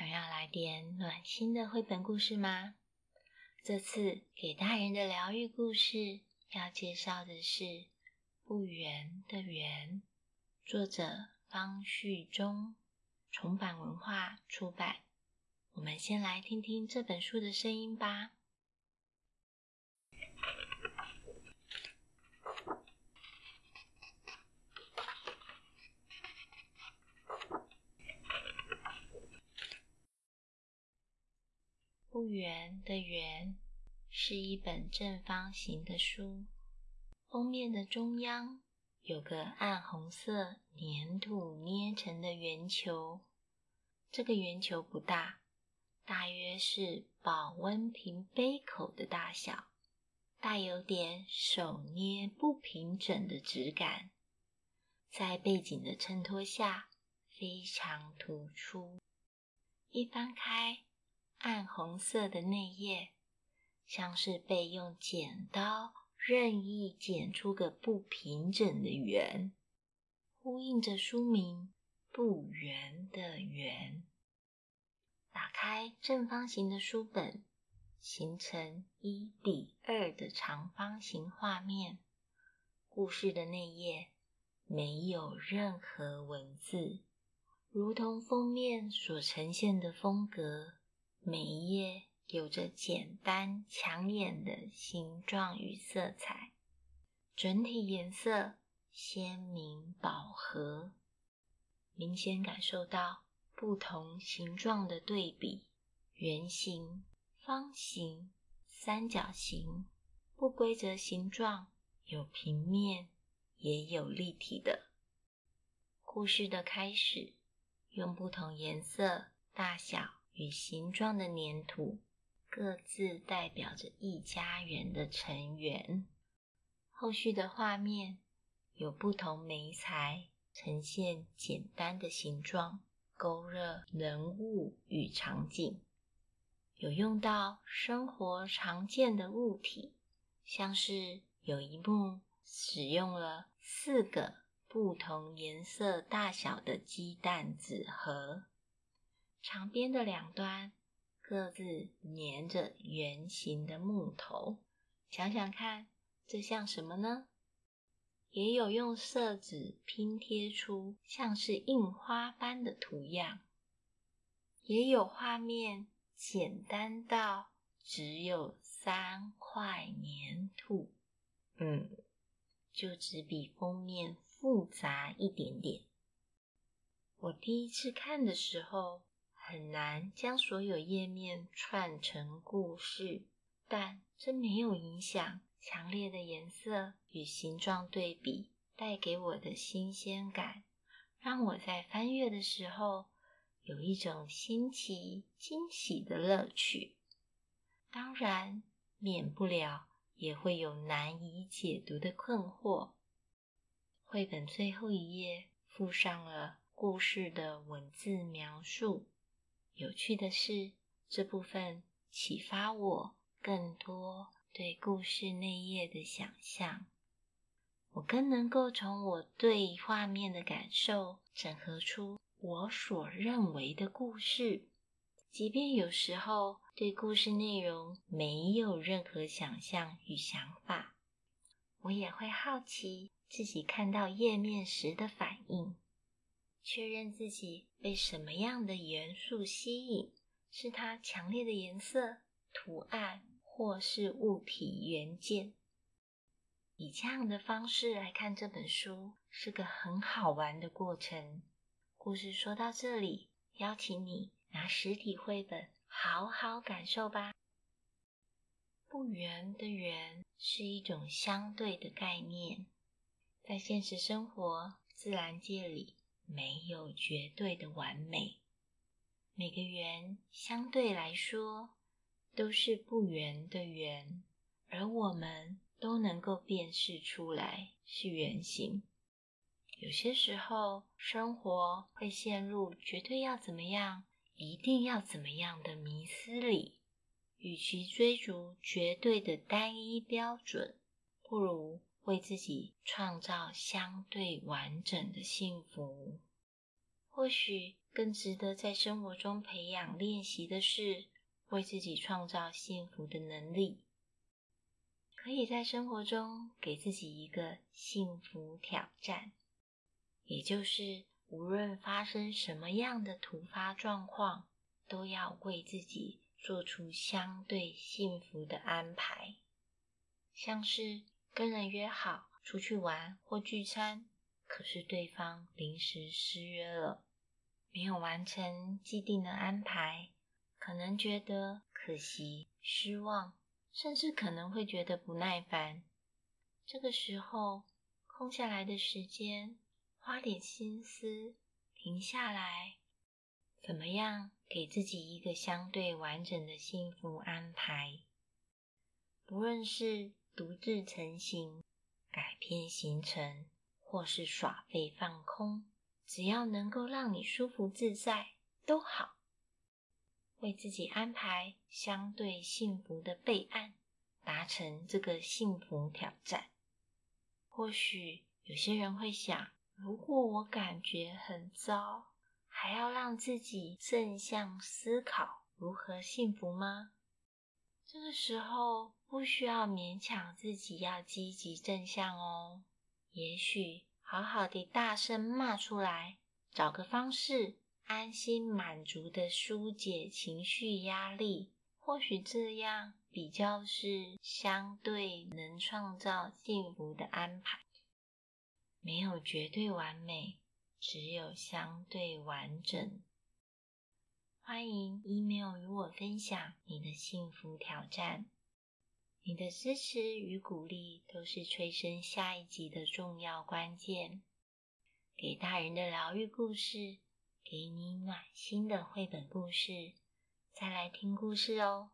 想要來點暖心的繪本故事嗎？這次給大人的療癒故事要介紹的是《不圓的圓》，作者方序中，重版文化出版。我們先來聽聽這本書的聲音吧。《不圓的圓》是一本正方形的書，封面的中央有個暗紅色粘土捏成的圓球。這個圓球不大，大約是保溫瓶杯口的大小，帶有點手捏不平整的質感，在背景的襯托下非常突出。一翻開。暗紅色的內頁，像是被用剪刀任意剪出個不平整的圓，呼應着書名“不圓的圓”。打開正方形的書本，形成一比二的長方形畫面。故事的內頁沒有任何文字，如同封面所呈現的風格。每一頁有着簡單搶眼的形狀與色彩，整體顏色鮮明飽和，明顯感受到不同形狀的對比：圓形、方形、三角形、不規則形狀，有平面也有立體的。故事的開始，用不同顏色、大小，與形狀的粘土，各自代表着一家人的成員。後續的畫面有不同媒材呈現簡單的形狀，勾勒人物與場景，有用到生活常見的物體，像是有一幕使用了四個不同顏色、大小的雞蛋紙盒。長邊的兩端各自粘着圓形的木頭，想想看，這像什麼呢？也有用色紙拼貼出像是印花般的圖樣，也有畫面簡單到只有三塊粘土，嗯，就只比封面複雜一點點。我第一次看的時候。很難將所有頁面串成故事，但這沒有影響。強烈的顏色與形狀對比帶給我的新鮮感，讓我在翻閱的時候有一種新奇、驚喜的樂趣。當然，免不了也會有難以解讀的困惑。繪本最後一頁附上了故事的文字描述。有趣的是，這部分啟發我更多對故事內頁的想象。我更能夠從我對畫面的感受整合出我所認為的故事，即便有時候對故事內容沒有任何想象與想法，我也會好奇自己看到頁面時的反應。確認自己被什麼樣的元素吸引，是它強烈的顏色、圖案，或是物體元件。以這樣的方式來看這本書，是個很好玩的過程。故事說到這裡，邀請你拿實體繪本好好感受吧。不圓的圓是一種相對的概念，在現實生活、自然界裡。沒有絕對的完美，每個圓相對來說都是不圓的圓，而我們都能夠辨識出來是圓形。有些時候，生活會陷入絕對要怎麼樣、一定要怎麼樣的迷思裡，與其追逐絕對的單一標準，不如。為自己創造相對完整的幸福，或許更值得在生活中培養練習的是為自己創造幸福的能力。可以在生活中給自己一個幸福挑戰，也就是無論發生什麼樣的突發狀況，都要為自己做出相對幸福的安排，像是。跟人約好出去玩或聚餐，可是對方臨時失約了，沒有完成既定的安排，可能覺得可惜、失望，甚至可能會覺得不耐煩。這個時候，空下來的時間，花點心思，停下來，怎麼樣給自己一個相對完整的幸福安排？不論是。獨自成行、改變行程，或是耍廢放空，只要能夠讓你舒服自在都好。為自己安排相對幸福的備案，達成這個幸福挑戰。或許有些人會想：如果我感覺很糟，還要讓自己正向思考如何幸福嗎？這個時候。不需要勉強自己要積極正向哦。也許好好的大聲罵出來，找個方式安心滿足的疏解情緒壓力，或許這樣比較是相對能創造幸福的安排。沒有絕對完美，只有相對完整。歡迎 email 與我分享你的幸福挑戰。你的支持與鼓勵都是催生下一集的重要關鍵。給大人的療癒故事，給你暖心的繪本故事，再來聽故事哦。